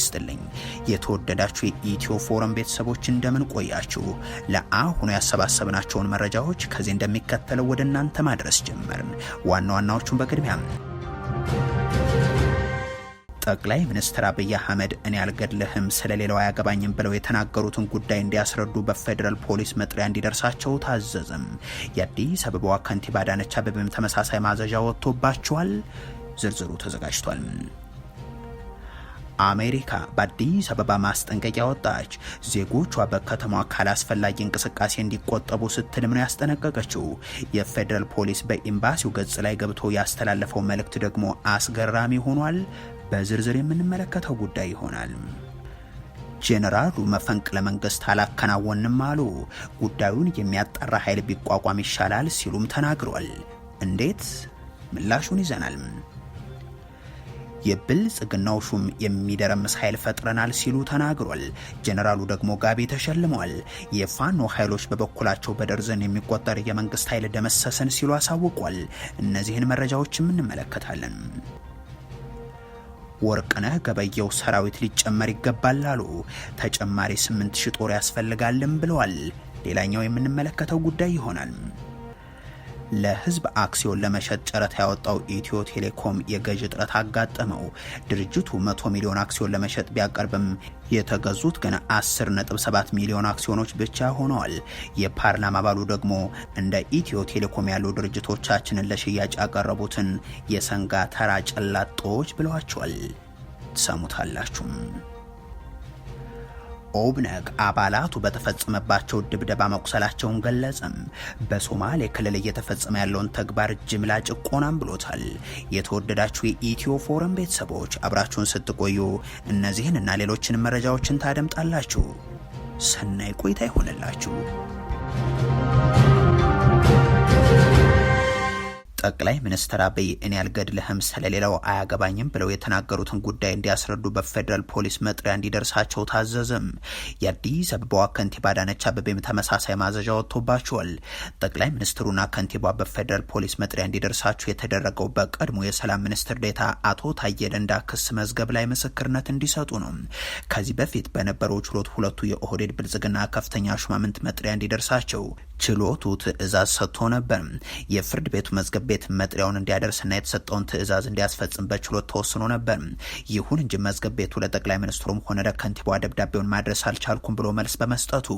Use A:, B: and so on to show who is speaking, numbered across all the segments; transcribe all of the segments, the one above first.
A: ይስጥልኝ። የተወደዳችሁ የኢትዮ ፎረም ቤተሰቦች እንደምን ቆያችሁ? ለአሁኑ ያሰባሰብናቸውን መረጃዎች ከዚህ እንደሚከተለው ወደ እናንተ ማድረስ ጀመርን። ዋና ዋናዎቹን በቅድሚያም ጠቅላይ ሚኒስትር አብይ አህመድ እኔ አልገድልህም ስለሌላው አያገባኝም ብለው የተናገሩትን ጉዳይ እንዲያስረዱ በፌዴራል ፖሊስ መጥሪያ እንዲደርሳቸው ታዘዝም። የአዲስ አበባዋ ከንቲባ አዳነች አቤቤም ተመሳሳይ ማዘዣ ወጥቶባቸዋል። ዝርዝሩ ተዘጋጅቷል። አሜሪካ በአዲስ አበባ ማስጠንቀቂያ ወጣች። ዜጎቿ በከተማዋ ካላስፈላጊ እንቅስቃሴ እንዲቆጠቡ ስትልም ነው ያስጠነቀቀችው። የፌዴራል ፖሊስ በኤምባሲው ገጽ ላይ ገብቶ ያስተላለፈው መልእክት ደግሞ አስገራሚ ሆኗል። በዝርዝር የምንመለከተው ጉዳይ ይሆናል። ጄኔራሉ መፈንቅለ መንግስት አላከናወንም አሉ። ጉዳዩን የሚያጣራ ኃይል ቢቋቋም ይሻላል ሲሉም ተናግሯል። እንዴት? ምላሹን ይዘናል። የብልጽግናው ሹም የሚደረምስ ኃይል ፈጥረናል ሲሉ ተናግሯል። ጀነራሉ ደግሞ ጋቢ ተሸልመዋል። የፋኖ ኃይሎች በበኩላቸው በደርዘን የሚቆጠር የመንግስት ኃይል ደመሰሰን ሲሉ አሳውቋል። እነዚህን መረጃዎችም እንመለከታለን። ወርቅነህ ገበየው ሰራዊት ሊጨመር ይገባል አሉ። ተጨማሪ ስምንት ሺህ ጦር ያስፈልጋልም ብለዋል። ሌላኛው የምንመለከተው ጉዳይ ይሆናል። ለህዝብ አክሲዮን ለመሸጥ ጨረታ ያወጣው ኢትዮ ቴሌኮም የገዥ እጥረት አጋጠመው። ድርጅቱ 100 ሚሊዮን አክሲዮን ለመሸጥ ቢያቀርብም የተገዙት ግን 10.7 ሚሊዮን አክሲዮኖች ብቻ ሆነዋል። የፓርላማ አባሉ ደግሞ እንደ ኢትዮ ቴሌኮም ያሉ ድርጅቶቻችንን ለሽያጭ ያቀረቡትን የሰንጋ ተራ ጨላጦዎች ብለዋቸዋል። ሰሙታላችሁም። ኦብነግ አባላቱ በተፈጸመባቸው ድብደባ መቁሰላቸውን ገለጸም። በሶማሌ ክልል እየተፈጸመ ያለውን ተግባር ጅምላ ጭቆናም ብሎታል። የተወደዳችሁ የኢትዮ ፎረም ቤተሰቦች አብራችሁን ስትቆዩ እነዚህን እና ሌሎችንም መረጃዎችን ታደምጣላችሁ። ሰናይ ቆይታ ይሆንላችሁ። ጠቅላይ ሚኒስትር አብይ እኔ አልገድልህም ስለሌላው አያገባኝም ብለው የተናገሩትን ጉዳይ እንዲያስረዱ በፌዴራል ፖሊስ መጥሪያ እንዲደርሳቸው ታዘዝም። የአዲስ አበባዋ ከንቲባ አዳነች አበቤም ተመሳሳይ ማዘዣ ወጥቶባቸዋል። ጠቅላይ ሚኒስትሩና ከንቲባ በፌዴራል ፖሊስ መጥሪያ እንዲደርሳቸው የተደረገው በቀድሞ የሰላም ሚኒስትር ዴታ አቶ ታዬ ደንዳ ክስ መዝገብ ላይ ምስክርነት እንዲሰጡ ነው። ከዚህ በፊት በነበረው ችሎት ሁለቱ የኦህዴድ ብልጽግና ከፍተኛ ሹማምንት መጥሪያ እንዲደርሳቸው ችሎቱ ትዕዛዝ ሰጥቶ ነበር። የፍርድ ቤቱ መዝገብ ቤት መጥሪያውን እንዲያደርስና የተሰጠውን ትዕዛዝ እንዲያስፈጽም በችሎት ተወስኖ ነበር። ይሁን እንጂ መዝገብ ቤቱ ለጠቅላይ ሚኒስትሩም ሆነ ለከንቲባዋ ደብዳቤውን ማድረስ አልቻልኩም ብሎ መልስ በመስጠቱ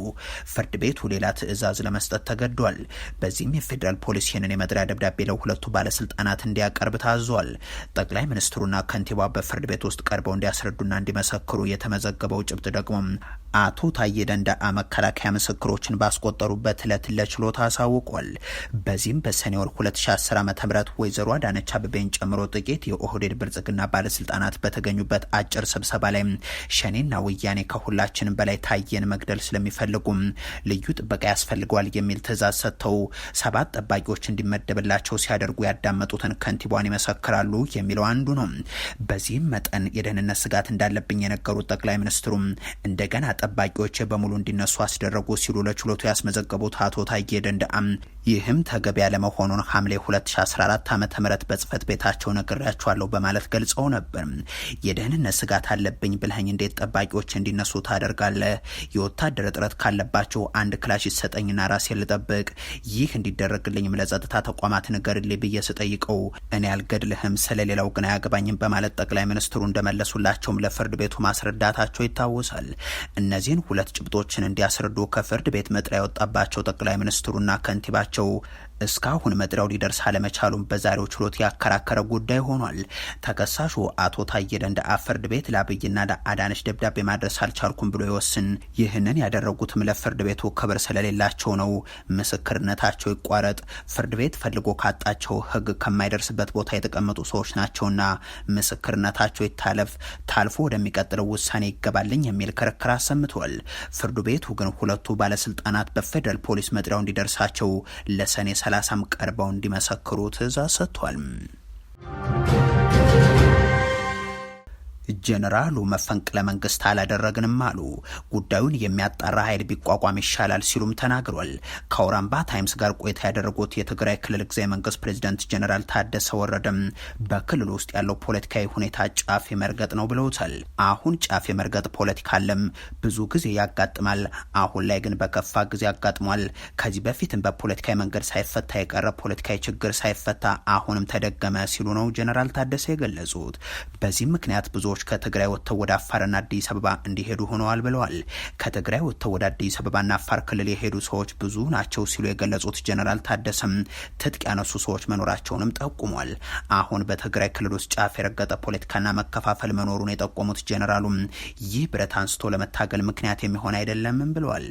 A: ፍርድ ቤቱ ሌላ ትዕዛዝ ለመስጠት ተገዷል። በዚህም የፌዴራል ፖሊስ ይህንን የመጥሪያ ደብዳቤ ለሁለቱ ባለስልጣናት እንዲያቀርብ ታዟል። ጠቅላይ ሚኒስትሩና ከንቲባ በፍርድ ቤት ውስጥ ቀርበው እንዲያስረዱና እንዲመሰክሩ የተመዘገበው ጭብጥ ደግሞ አቶ ታዬ ደንደአ መከላከያ ምስክሮችን ባስቆጠሩበት ዕለት ለችሎት አሳውቋል። በዚህም በሰኔ ወር 2010 ዓ ም ወይዘሮ አዳነች አበቤን ጨምሮ ጥቂት የኦህዴድ ብልጽግና ባለስልጣናት በተገኙበት አጭር ስብሰባ ላይ ሸኔና ወያኔ ከሁላችንም በላይ ታዬን መግደል ስለሚፈልጉም ልዩ ጥበቃ ያስፈልገዋል የሚል ትዕዛዝ ሰጥተው ሰባት ጠባቂዎች እንዲመደብላቸው ሲያደርጉ ያዳመጡትን ከንቲቧን ይመሰክራሉ የሚለው አንዱ ነው። በዚህም መጠን የደህንነት ስጋት እንዳለብኝ የነገሩት ጠቅላይ ሚኒስትሩም እንደገና ጠባቂዎች በሙሉ እንዲነሱ አስደረጉ ሲሉ ለችሎቱ ያስመዘገቡት አቶ ታዬ ደንደአም ይህም ተገቢ ያለመሆኑን ሐምሌ 2014 ዓ ም በጽህፈት ቤታቸው ነግሬያቸዋለሁ በማለት ገልጸው ነበር። የደህንነት ስጋት አለብኝ ብልህኝ እንዴት ጠባቂዎች እንዲነሱ ታደርጋለህ? የወታደር እጥረት ካለባቸው አንድ ክላሽ ይሰጠኝና ራሴ ልጠብቅ። ይህ እንዲደረግልኝም ለጸጥታ ተቋማት ንገርልኝ ብዬ ስጠይቀው እኔ አልገድልህም፣ ስለሌላው ግን አያገባኝም በማለት ጠቅላይ ሚኒስትሩ እንደመለሱላቸውም ለፍርድ ቤቱ ማስረዳታቸው ይታወሳል። እነዚህን ሁለት ጭብጦችን እንዲያስረዱ ከፍርድ ቤት መጥሪያ የወጣባቸው ጠቅላይ ሚኒስትሩና ከንቲባቸው እስካሁን መጥሪያው ሊደርስ አለመቻሉን በዛሬው ችሎት ያከራከረ ጉዳይ ሆኗል። ተከሳሹ አቶ ታዬ ደንደዓ ፍርድ ቤት ለአብይና ለአዳነች ደብዳቤ ማድረስ አልቻልኩም ብሎ ይወስን። ይህንን ያደረጉትም ለፍርድ ቤቱ ክብር ስለሌላቸው ነው። ምስክርነታቸው ይቋረጥ፣ ፍርድ ቤት ፈልጎ ካጣቸው ህግ ከማይደርስበት ቦታ የተቀመጡ ሰዎች ናቸውና ምስክርነታቸው ይታለፍ፣ ታልፎ ወደሚቀጥለው ውሳኔ ይገባልኝ የሚል ክርክር አሰምቷል። ፍርድ ቤቱ ግን ሁለቱ ባለስልጣናት በፌደራል ፖሊስ መጥሪያው እንዲደርሳቸው ለሰኔ ሰላሳም ቀርበው እንዲመሰክሩ ትእዛዝ ሰጥቷል። ጀነራሉ መፈንቅለ መንግስት አላደረግንም አሉ። ጉዳዩን የሚያጣራ ኃይል ቢቋቋም ይሻላል ሲሉም ተናግሯል። ከአውራምባ ታይምስ ጋር ቆይታ ያደረጉት የትግራይ ክልል ጊዜያዊ መንግስት ፕሬዚደንት ጀነራል ታደሰ ወረደም በክልል ውስጥ ያለው ፖለቲካዊ ሁኔታ ጫፍ የመርገጥ ነው ብለውታል። አሁን ጫፍ የመርገጥ ፖለቲካ አለም ብዙ ጊዜ ያጋጥማል። አሁን ላይ ግን በከፋ ጊዜ ያጋጥሟል። ከዚህ በፊትም በፖለቲካዊ መንገድ ሳይፈታ የቀረ ፖለቲካዊ ችግር ሳይፈታ አሁንም ተደገመ ሲሉ ነው ጀነራል ታደሰ የገለጹት። በዚህም ምክንያት ብዙ ብዙዎች ከትግራይ ወጥተው ወደ አፋርና አዲስ አበባ እንዲሄዱ ሆነዋል ብለዋል። ከትግራይ ወጥተው ወደ አዲስ አበባና አፋር ክልል የሄዱ ሰዎች ብዙ ናቸው ሲሉ የገለጹት ጀነራል ታደሰም ትጥቅ ያነሱ ሰዎች መኖራቸውንም ጠቁሟል። አሁን በትግራይ ክልል ውስጥ ጫፍ የረገጠ ፖለቲካና መከፋፈል መኖሩን የጠቆሙት ጀነራሉም ይህ ብረት አንስቶ ለመታገል ምክንያት የሚሆን አይደለምም ብለዋል።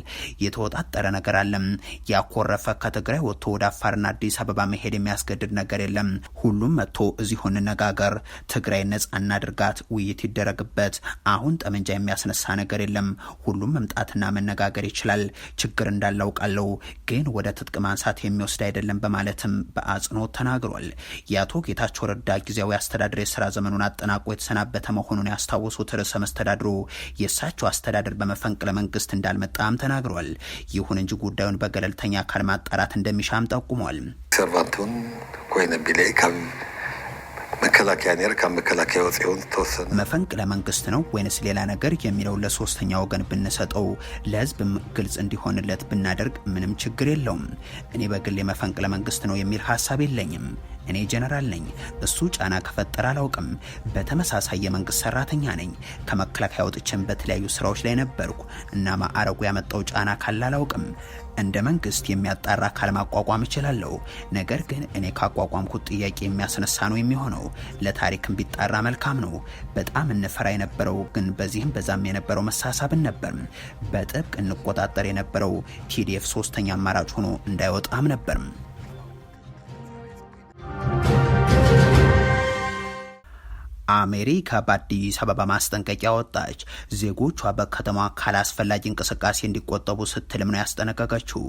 A: የተወጣጠረ ነገር አለም ያኮረፈ ከትግራይ ወጥቶ ወደ አፋርና አዲስ አበባ መሄድ የሚያስገድድ ነገር የለም። ሁሉም መጥቶ እዚሁ እንነጋገር፣ ትግራይ ነጻ እናድርጋት፣ ውይ ውይይት ይደረግበት። አሁን ጠመንጃ የሚያስነሳ ነገር የለም። ሁሉም መምጣትና መነጋገር ይችላል። ችግር እንዳላውቃለው ግን ወደ ትጥቅ ማንሳት የሚወስድ አይደለም በማለትም በአጽንኦት ተናግሯል። የአቶ ጌታቸው ረዳ ጊዜያዊ አስተዳደር የስራ ዘመኑን አጠናቆ የተሰናበተ መሆኑን ያስታወሱት ርዕሰ መስተዳድሩ የእሳቸው አስተዳደር በመፈንቅለ መንግስት እንዳልመጣም ተናግሯል። ይሁን እንጂ ጉዳዩን በገለልተኛ አካል ማጣራት እንደሚሻም ጠቁሟል።
B: ሰርቫንቱን ኮይነ ቢላይ መከላከያ ኔር ከመከላከያ ወፅውን ተወሰነ
A: መፈንቅለ መንግስት ነው ወይንስ ሌላ ነገር የሚለው ለሶስተኛ ወገን ብንሰጠው ለህዝብ ግልጽ እንዲሆንለት ብናደርግ ምንም ችግር የለውም። እኔ በግል የመፈንቅለ መንግስት ነው የሚል ሀሳብ የለኝም። እኔ ጀነራል ነኝ። እሱ ጫና ከፈጠረ አላውቅም። በተመሳሳይ የመንግስት ሰራተኛ ነኝ። ከመከላከያ ወጥቼም በተለያዩ ስራዎች ላይ ነበርኩ እና ማዕረጉ ያመጣው ጫና ካለ አላውቅም። እንደ መንግስት የሚያጣራ አካል ማቋቋም እችላለሁ። ነገር ግን እኔ ካቋቋምኩት ጥያቄ የሚያስነሳ ነው የሚሆነው። ለታሪክም ቢጣራ መልካም ነው። በጣም እንፈራ የነበረው ግን በዚህም በዛም የነበረው መሳሳብን ነበር። በጥብቅ እንቆጣጠር የነበረው ቲዲኤፍ ሶስተኛ አማራጭ ሆኖ እንዳይወጣም ነበርም። አሜሪካ በአዲስ አበባ ማስጠንቀቂያ ወጣች። ዜጎቿ በከተማ ካላስፈላጊ እንቅስቃሴ እንዲቆጠቡ ስትልም ነው ያስጠነቀቀችው።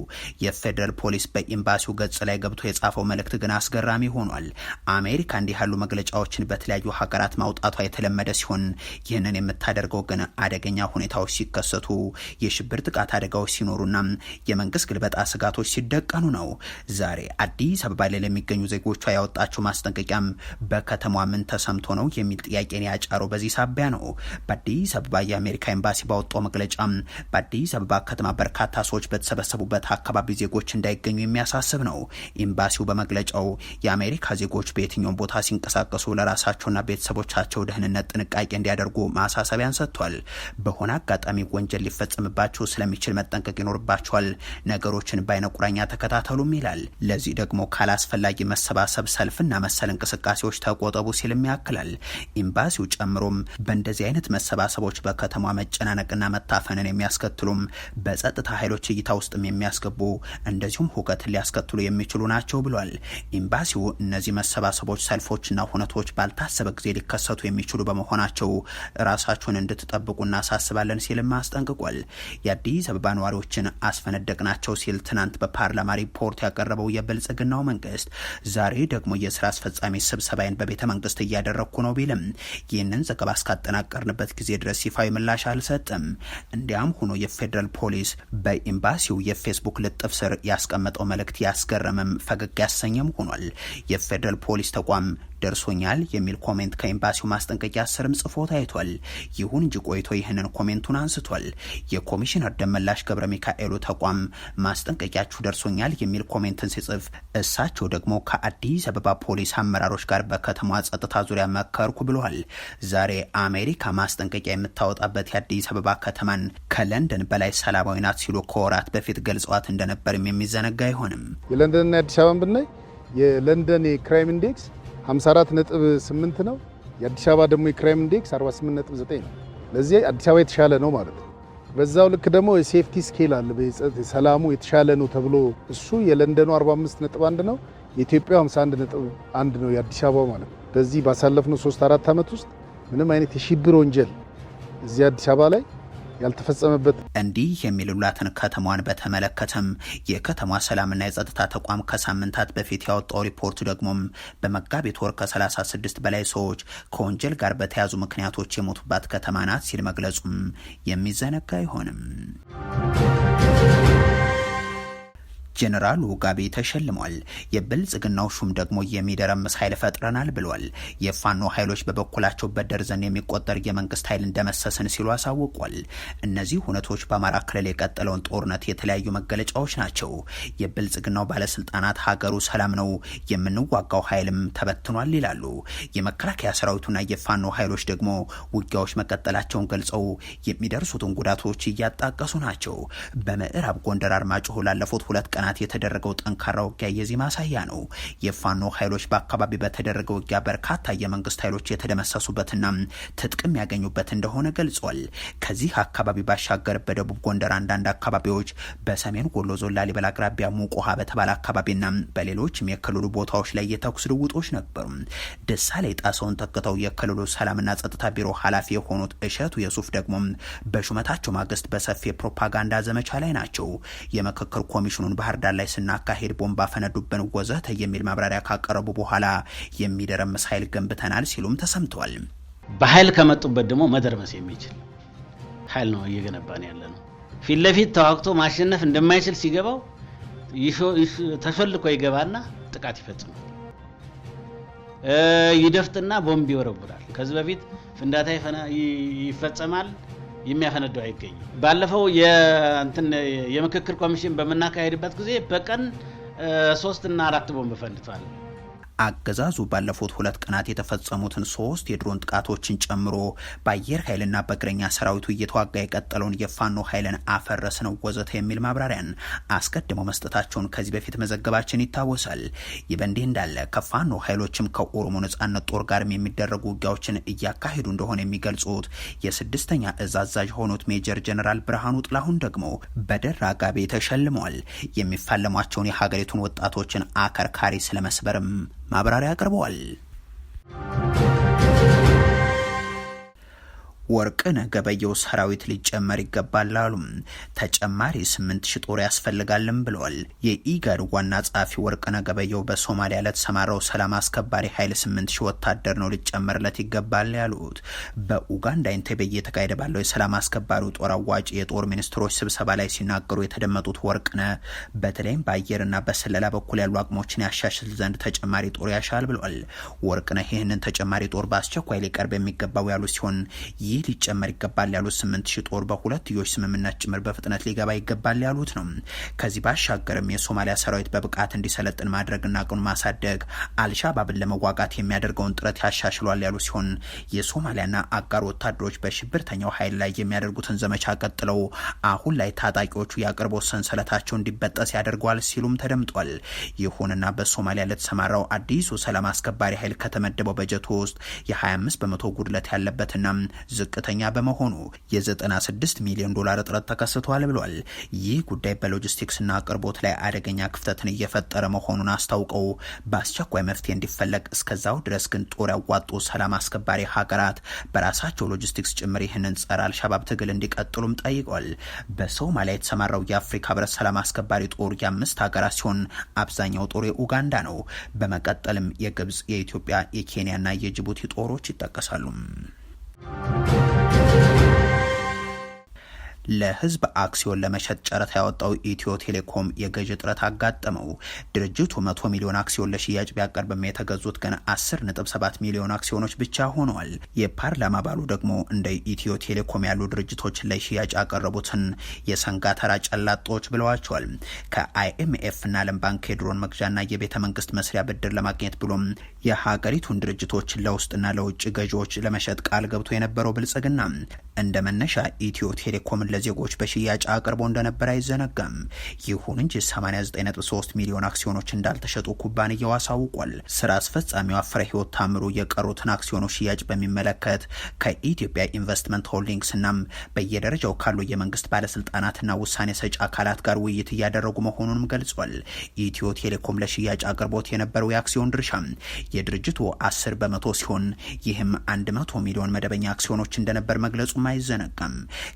A: የፌዴራል ፖሊስ በኤምባሲው ገጽ ላይ ገብቶ የጻፈው መልእክት ግን አስገራሚ ሆኗል። አሜሪካ እንዲህ ያሉ መግለጫዎችን በተለያዩ ሀገራት ማውጣቷ የተለመደ ሲሆን ይህንን የምታደርገው ግን አደገኛ ሁኔታዎች ሲከሰቱ፣ የሽብር ጥቃት አደጋዎች ሲኖሩና የመንግስት ግልበጣ ስጋቶች ሲደቀኑ ነው። ዛሬ አዲስ አበባ ላይ ለሚገኙ ዜጎቿ ያወጣቸው ማስጠንቀቂያም በከተማ ምን ተሰምቶ ነው የሚ የሚል ጥያቄን ያጫረው በዚህ ሳቢያ ነው። በአዲስ አበባ የአሜሪካ ኤምባሲ ባወጣው መግለጫ በአዲስ አበባ ከተማ በርካታ ሰዎች በተሰበሰቡበት አካባቢ ዜጎች እንዳይገኙ የሚያሳስብ ነው። ኤምባሲው በመግለጫው የአሜሪካ ዜጎች በየትኛውም ቦታ ሲንቀሳቀሱ ለራሳቸውና ቤተሰቦቻቸው ደህንነት ጥንቃቄ እንዲያደርጉ ማሳሰቢያን ሰጥቷል። በሆነ አጋጣሚ ወንጀል ሊፈጸምባቸው ስለሚችል መጠንቀቅ ይኖርባቸዋል፣ ነገሮችን በአይነ ቁራኛ ተከታተሉም ይላል። ለዚህ ደግሞ ካላስፈላጊ መሰባሰብ፣ ሰልፍና መሰል እንቅስቃሴዎች ተቆጠቡ ሲልም ያክላል። ኤምባሲው ጨምሮም በእንደዚህ አይነት መሰባሰቦች በከተማ መጨናነቅና መታፈንን የሚያስከትሉም በጸጥታ ኃይሎች እይታ ውስጥም የሚያስገቡ እንደዚሁም ሁከት ሊያስከትሉ የሚችሉ ናቸው ብሏል። ኤምባሲው እነዚህ መሰባሰቦች፣ ሰልፎችና ሁነቶች ባልታሰበ ጊዜ ሊከሰቱ የሚችሉ በመሆናቸው ራሳችሁን እንድትጠብቁ እናሳስባለን ሲልም አስጠንቅቋል። የአዲስ አበባ ነዋሪዎችን አስፈነደቅ ናቸው ሲል ትናንት በፓርላማ ሪፖርት ያቀረበው የብልጽግናው መንግስት ዛሬ ደግሞ የስራ አስፈጻሚ ስብሰባይን በቤተ መንግስት እያደረግኩ ነው ቢል አይልም። ይህንን ዘገባ እስካጠናቀርንበት ጊዜ ድረስ ይፋዊ ምላሽ አልሰጥም። እንዲያም ሆኖ የፌዴራል ፖሊስ በኤምባሲው የፌስቡክ ልጥፍ ስር ያስቀመጠው መልእክት ያስገረመም ፈገግ ያሰኘም ሆኗል። የፌዴራል ፖሊስ ተቋም ደርሶኛል የሚል ኮሜንት ከኤምባሲው ማስጠንቀቂያ ስርም ጽፎ ታይቷል። ይሁን እንጂ ቆይቶ ይህንን ኮሜንቱን አንስቷል። የኮሚሽነር ደመላሽ ገብረ ሚካኤሉ ተቋም ማስጠንቀቂያችሁ ደርሶኛል የሚል ኮሜንትን ሲጽፍ፣ እሳቸው ደግሞ ከአዲስ አበባ ፖሊስ አመራሮች ጋር በከተማዋ ጸጥታ ዙሪያ መከርኩ ብለዋል። ዛሬ አሜሪካ ማስጠንቀቂያ የምታወጣበት የአዲስ አበባ ከተማን ከለንደን በላይ ሰላማዊ ናት ሲሉ ከወራት በፊት ገልጸዋት እንደነበርም የሚዘነጋ አይሆንም።
C: የለንደንና የአዲስ አበባን ብናይ የለንደን የክራይም ኢንዴክስ ነጥብ 8 ነው። የአዲስ አበባ ደግሞ የክራይም ኢንዴክስ 9 ነው። ለዚህ አዲስ አበባ የተሻለ ነው ማለት ነው። በዛው ልክ ደግሞ የሴፍቲ ስኬል አለ። ሰላሙ የተሻለ ነው ተብሎ እሱ የለንደኑ 1 ነው። የኢትዮጵያ 1 ነው የአዲስ አበባ ማለት ነው። በዚህ ባሳለፍነው 3 4 ዓመት ውስጥ ምንም አይነት የሽብር ወንጀል እዚህ አዲስ አበባ ላይ ያልተፈጸመበት
A: እንዲህ የሚሉላትን ከተማዋን በተመለከተም የከተማ ሰላምና የጸጥታ ተቋም ከሳምንታት በፊት ያወጣው ሪፖርት ደግሞም በመጋቢት ወር ከ36 በላይ ሰዎች ከወንጀል ጋር በተያዙ ምክንያቶች የሞቱባት ከተማ ናት ሲል መግለጹም የሚዘነጋ አይሆንም። ጄኔራል ውጋቤ ተሸልሟል። የብልጽግናው ሹም ደግሞ የሚደረምስ ኃይል ፈጥረናል ብሏል። የፋኖ ኃይሎች በበኩላቸው በደርዘን የሚቆጠር የመንግስት ኃይል እንደመሰስን ሲሉ አሳውቋል። እነዚህ ሁነቶች በአማራ ክልል የቀጠለውን ጦርነት የተለያዩ መገለጫዎች ናቸው። የብልጽግናው ባለስልጣናት ሀገሩ ሰላም ነው፣ የምንዋጋው ኃይልም ተበትኗል ይላሉ። የመከላከያ ሰራዊቱና የፋኖ ኃይሎች ደግሞ ውጊያዎች መቀጠላቸውን ገልጸው የሚደርሱትን ጉዳቶች እያጣቀሱ ናቸው። በምዕራብ ጎንደር አርማጭሆ ላለፉት ሁለት ቀናት ቀናት የተደረገው ጠንካራ ውጊያ የዚህ ማሳያ ነው። የፋኖ ኃይሎች በአካባቢ በተደረገ ውጊያ በርካታ የመንግስት ኃይሎች የተደመሰሱበትና ትጥቅም ያገኙበት እንደሆነ ገልጿል። ከዚህ አካባቢ ባሻገር በደቡብ ጎንደር አንዳንድ አካባቢዎች፣ በሰሜን ወሎ ዞን ላሊበላ አቅራቢያ ሙቆሃ በተባለ አካባቢና በሌሎችም የክልሉ ቦታዎች ላይ የተኩስ ልውጦች ነበሩ። ላይ ጣሰውን ተክተው የክልሉ ሰላምና ጸጥታ ቢሮ ኃላፊ የሆኑት እሸቱ የሱፍ ደግሞ በሹመታቸው ማግስት በሰፊ የፕሮፓጋንዳ ዘመቻ ላይ ናቸው። የምክክር ኮሚሽኑን ባህር ባህርዳር ላይ ስናካሄድ ቦምባ ፈነዱብን ወዘተ የሚል ማብራሪያ ካቀረቡ በኋላ የሚደረምስ ኃይል ገንብተናል ሲሉም ተሰምተዋል።
D: በኃይል ከመጡበት ደግሞ መደርመስ የሚችል ኃይል ነው እየገነባን ያለ ነው። ፊት ለፊት ተዋግቶ ማሸነፍ እንደማይችል ሲገባው ተሾልኮ ይገባና ጥቃት ይፈጽማል። ይደፍጥና ቦምብ ይወረውራል። ከዚህ በፊት ፍንዳታ ይፈጸማል። የሚያፈነደው አይገኝም። ባለፈው የምክክር ኮሚሽን በምናካሄድበት ጊዜ በቀን ሶስት እና አራት ቦምብ ፈንድቷል።
A: አገዛዙ ባለፉት ሁለት ቀናት የተፈጸሙትን ሶስት የድሮን ጥቃቶችን ጨምሮ በአየር ኃይልና በእግረኛ ሰራዊቱ እየተዋጋ የቀጠለውን የፋኖ ኃይልን አፈረስ ነው ወዘተ የሚል ማብራሪያን አስቀድመው መስጠታቸውን ከዚህ በፊት መዘገባችን ይታወሳል። ይህ በእንዲህ እንዳለ ከፋኖ ኃይሎችም ከኦሮሞ ነጻነት ጦር ጋርም የሚደረጉ ውጊያዎችን እያካሄዱ እንደሆነ የሚገልጹት የስድስተኛ እዝ አዛዥ የሆኑት ሜጀር ጀነራል ብርሃኑ ጥላሁን ደግሞ በደራ ጋቤ ተሸልመዋል። የሚፋለሟቸውን የሀገሪቱን ወጣቶችን አከርካሪ ስለመስበርም ማብራሪያ አቅርበዋል። ወርቅን ገበየው ሰራዊት ሊጨመር ይገባል አሉ። ተጨማሪ ስምንት ሺ ጦር ያስፈልጋልም ብለዋል። የኢጋድ ዋና ጸሐፊ ወርቅነ ገበየው በሶማሊያ ለተሰማራው ሰላም አስከባሪ ኃይል ስምንት ሺ ወታደር ነው ሊጨመርለት ይገባል ያሉት በኡጋንዳ ኢንቴቤ እየተካሄደ ባለው የሰላም አስከባሪው ጦር አዋጭ የጦር ሚኒስትሮች ስብሰባ ላይ ሲናገሩ የተደመጡት ወርቅነ በተለይም በአየርና በስለላ በኩል ያሉ አቅሞችን ያሻሽል ዘንድ ተጨማሪ ጦር ያሻል ብለዋል። ወርቅነ ይህንን ተጨማሪ ጦር በአስቸኳይ ሊቀርብ የሚገባው ያሉ ሲሆን ይህ ሊጨመር ይገባል ያሉት ስምንት ሺ ጦር በሁለትዮሽ ስምምነት ጭምር በፍጥነት ሊገባ ይገባል ያሉት ነው። ከዚህ ባሻገርም የሶማሊያ ሰራዊት በብቃት እንዲሰለጥን ማድረግና አቅሙን ማሳደግ አልሻባብን ለመዋጋት የሚያደርገውን ጥረት ያሻሽሏል ያሉ ሲሆን የሶማሊያና አጋር ወታደሮች በሽብርተኛው ኃይል ላይ የሚያደርጉትን ዘመቻ ቀጥለው አሁን ላይ ታጣቂዎቹ የአቅርቦት ሰንሰለታቸው እንዲበጠስ ያደርገዋል ሲሉም ተደምጧል። ይሁንና በሶማሊያ ለተሰማራው አዲሱ ሰላም አስከባሪ ኃይል ከተመደበው በጀቱ ውስጥ የ25 በመቶ ጉድለት ያለበትና ዝቅተኛ በመሆኑ የ96 ሚሊዮን ዶላር እጥረት ተከስቷል ብሏል። ይህ ጉዳይ በሎጂስቲክስና አቅርቦት ላይ አደገኛ ክፍተትን እየፈጠረ መሆኑን አስታውቀው በአስቸኳይ መፍትሄ እንዲፈለግ እስከዛው ድረስ ግን ጦር ያዋጡ ሰላም አስከባሪ ሀገራት በራሳቸው ሎጂስቲክስ ጭምር ይህንን ጸረ አልሸባብ ትግል እንዲቀጥሉም ጠይቋል። በሶማሊያ የተሰማራው የአፍሪካ ህብረት ሰላም አስከባሪ ጦር የአምስት ሀገራት ሲሆን አብዛኛው ጦር የኡጋንዳ ነው። በመቀጠልም የግብጽ፣ የኢትዮጵያ፣ የኬንያና የጅቡቲ ጦሮች ይጠቀሳሉ። ለህዝብ አክሲዮን ለመሸጥ ጨረታ ያወጣው ኢትዮ ቴሌኮም የገዥ እጥረት አጋጠመው። ድርጅቱ መቶ ሚሊዮን አክሲዮን ለሽያጭ ቢያቀርብም የተገዙት ግን 10.7 ሚሊዮን አክሲዮኖች ብቻ ሆነዋል። የፓርላማ አባሉ ደግሞ እንደ ኢትዮ ቴሌኮም ያሉ ድርጅቶች ለሽያጭ ያቀረቡትን የሰንጋተራ ጨላጦች ብለዋቸዋል። ከአይኤምኤፍና ዓለም ባንክ የድሮን መግዣና የቤተ መንግስት መስሪያ ብድር ለማግኘት ብሎም የሀገሪቱን ድርጅቶችን ለውስጥና ለውጭ ገዢዎች ለመሸጥ ቃል ገብቶ የነበረው ብልጽግና እንደ መነሻ ኢትዮ ቴሌኮምን ለዜጎች በሽያጭ አቅርቦ እንደነበር አይዘነጋም። ይሁን እንጂ 893 ሚሊዮን አክሲዮኖች እንዳልተሸጡ ኩባንያው አሳውቋል። ስራ አስፈጻሚው አፍረ ህይወት ታምሩ የቀሩትን አክሲዮኖች ሽያጭ በሚመለከት ከኢትዮጵያ ኢንቨስትመንት ሆልዲንግስ እናም በየደረጃው ካሉ የመንግስት ባለስልጣናትና ውሳኔ ሰጪ አካላት ጋር ውይይት እያደረጉ መሆኑንም ገልጿል። ኢትዮ ቴሌኮም ለሽያጭ አቅርቦት የነበረው የአክሲዮን ድርሻ የድርጅቱ 10 በመቶ ሲሆን ይህም 100 ሚሊዮን መደበኛ አክሲዮኖች እንደነበር መግለጹም አይዘነጋም።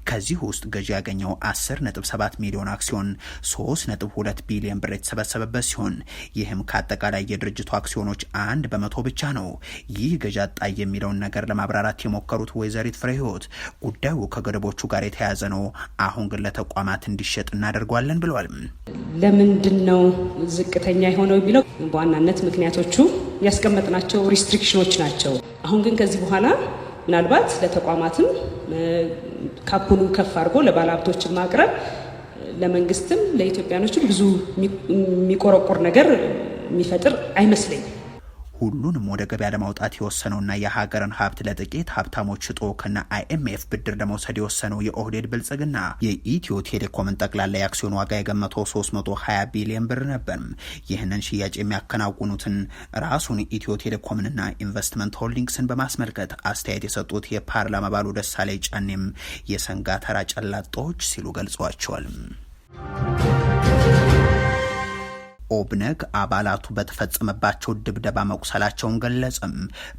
A: ከዚህ ውስጥ ገዢ ያገኘው 10.7 ሚሊዮን አክሲዮን 3.2 ቢሊዮን ብር የተሰበሰበበት ሲሆን ይህም ከአጠቃላይ የድርጅቱ አክሲዮኖች አንድ በመቶ ብቻ ነው። ይህ ገዢ አጣ የሚለውን ነገር ለማብራራት የሞከሩት ወይዘሪት ፍሬ ህይወት ጉዳዩ ከገደቦቹ ጋር የተያያዘ ነው፣ አሁን ግን ለተቋማት እንዲሸጥ እናደርገዋለን ብለዋል።
E: ለምንድን ነው ዝቅተኛ የሆነው የሚለው በዋናነት ምክንያቶቹ ያስቀመጥናቸው ሪስትሪክሽኖች ናቸው። አሁን ግን ከዚህ በኋላ ምናልባት ለተቋማትም ካፑኑ ከፍ አድርጎ ለባለሀብቶችን ማቅረብ ለመንግስትም ለኢትዮጵያኖችም ብዙ የሚቆረቆር ነገር የሚፈጥር አይመስለኝም።
A: ሁሉንም ወደ ገበያ ለማውጣት የወሰነውና የሀገርን ሀብት ለጥቂት ሀብታሞች ሽጦ ከነ አይኤምኤፍ ብድር ለመውሰድ የወሰነው የኦህዴድ ብልጽግና የኢትዮ ቴሌኮምን ጠቅላላ የአክሲዮን ዋጋ የገመተው 320 ቢሊዮን ብር ነበር። ይህንን ሽያጭ የሚያከናውኑትን ራሱን ኢትዮ ቴሌኮምንና ኢንቨስትመንት ሆልዲንግስን በማስመልከት አስተያየት የሰጡት የፓርላማ አባሉ ደሳለኝ ጫኔም የሰንጋ ተራ ጨላጦዎች ሲሉ ገልጸዋቸዋል። ኦብነግ አባላቱ በተፈጸመባቸው ድብደባ መቁሰላቸውን ገለጽም።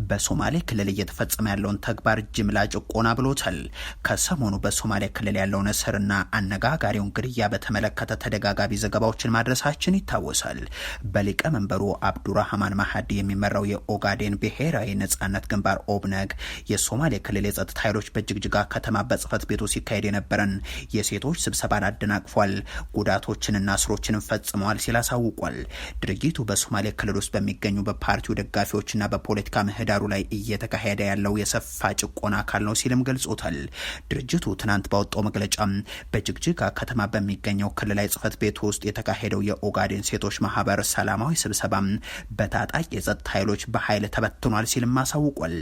A: በሶማሌ ክልል እየተፈጸመ ያለውን ተግባር ጅምላ ጭቆና ብሎታል። ከሰሞኑ በሶማሌ ክልል ያለውን እስርና አነጋጋሪውን ግድያ በተመለከተ ተደጋጋሚ ዘገባዎችን ማድረሳችን ይታወሳል። በሊቀመንበሩ አብዱራህማን ማሀዲ የሚመራው የኦጋዴን ብሔራዊ ነጻነት ግንባር ኦብነግ የሶማሌ ክልል የጸጥታ ኃይሎች በጅግጅጋ ከተማ በጽህፈት ቤቱ ሲካሄድ የነበረን የሴቶች ስብሰባን አደናቅፏል፣ ጉዳቶችንና እስሮችንም ፈጽመዋል ሲል አሳውቋል። አስታውቋል። ድርጅቱ በሶማሌ ክልል ውስጥ በሚገኙ በፓርቲው ደጋፊዎችና በፖለቲካ ምህዳሩ ላይ እየተካሄደ ያለው የሰፋ ጭቆና አካል ነው ሲልም ገልጾታል። ድርጅቱ ትናንት ባወጣው መግለጫ በጅግጅጋ ከተማ በሚገኘው ክልላዊ ጽህፈት ቤት ውስጥ የተካሄደው የኦጋዴን ሴቶች ማህበር ሰላማዊ ስብሰባ በታጣቂ የጸጥታ ኃይሎች በኃይል ተበትኗል ሲልም አሳውቋል።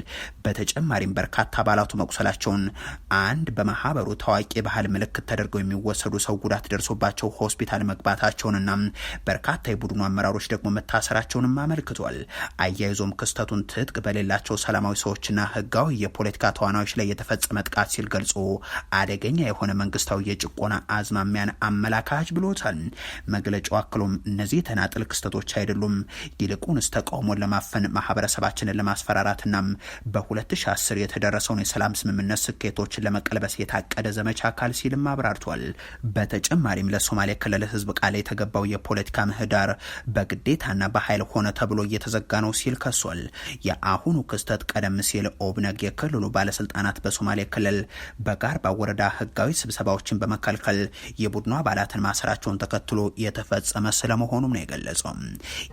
A: በተጨማሪም በርካታ አባላቱ መቁሰላቸውን፣ አንድ በማህበሩ ታዋቂ የባህል ምልክት ተደርገው የሚወሰዱ ሰው ጉዳት ደርሶባቸው ሆስፒታል መግባታቸውንና በርካታ በርካታ የቡድኑ አመራሮች ደግሞ መታሰራቸውንም አመልክቷል። አያይዞም ክስተቱን ትጥቅ በሌላቸው ሰላማዊ ሰዎችና ህጋዊ የፖለቲካ ተዋናዮች ላይ የተፈጸመ ጥቃት ሲል ገልጾ አደገኛ የሆነ መንግስታዊ የጭቆና አዝማሚያን አመላካች ብሎታል። መግለጫው አክሎም እነዚህ ተናጥል ክስተቶች አይደሉም፣ ይልቁንስ ተቃውሞን ለማፈን ማህበረሰባችንን ለማስፈራራትና በ2010 የተደረሰውን የሰላም ስምምነት ስኬቶችን ለመቀልበስ የታቀደ ዘመቻ አካል ሲልም አብራርቷል። በተጨማሪም ለሶማሌ ክልል ህዝብ ቃል የተገባው የፖለቲካ ምህዳ ዳር በግዴታና በኃይል ሆነ ተብሎ እየተዘጋ ነው ሲል ከሷል። የአሁኑ ክስተት ቀደም ሲል ኦብነግ የክልሉ ባለስልጣናት በሶማሌ ክልል በጋርባ ወረዳ ህጋዊ ስብሰባዎችን በመከልከል የቡድኑ አባላትን ማሰራቸውን ተከትሎ የተፈጸመ ስለመሆኑም ነው የገለጸው።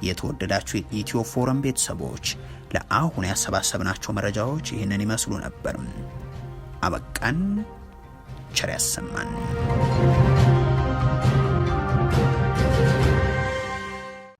A: የተወደዳችሁ የኢትዮ ፎረም ቤተሰቦች ለአሁን ያሰባሰብናቸው መረጃዎች ይህንን ይመስሉ ነበር። አበቃን። ቸር ያሰማን።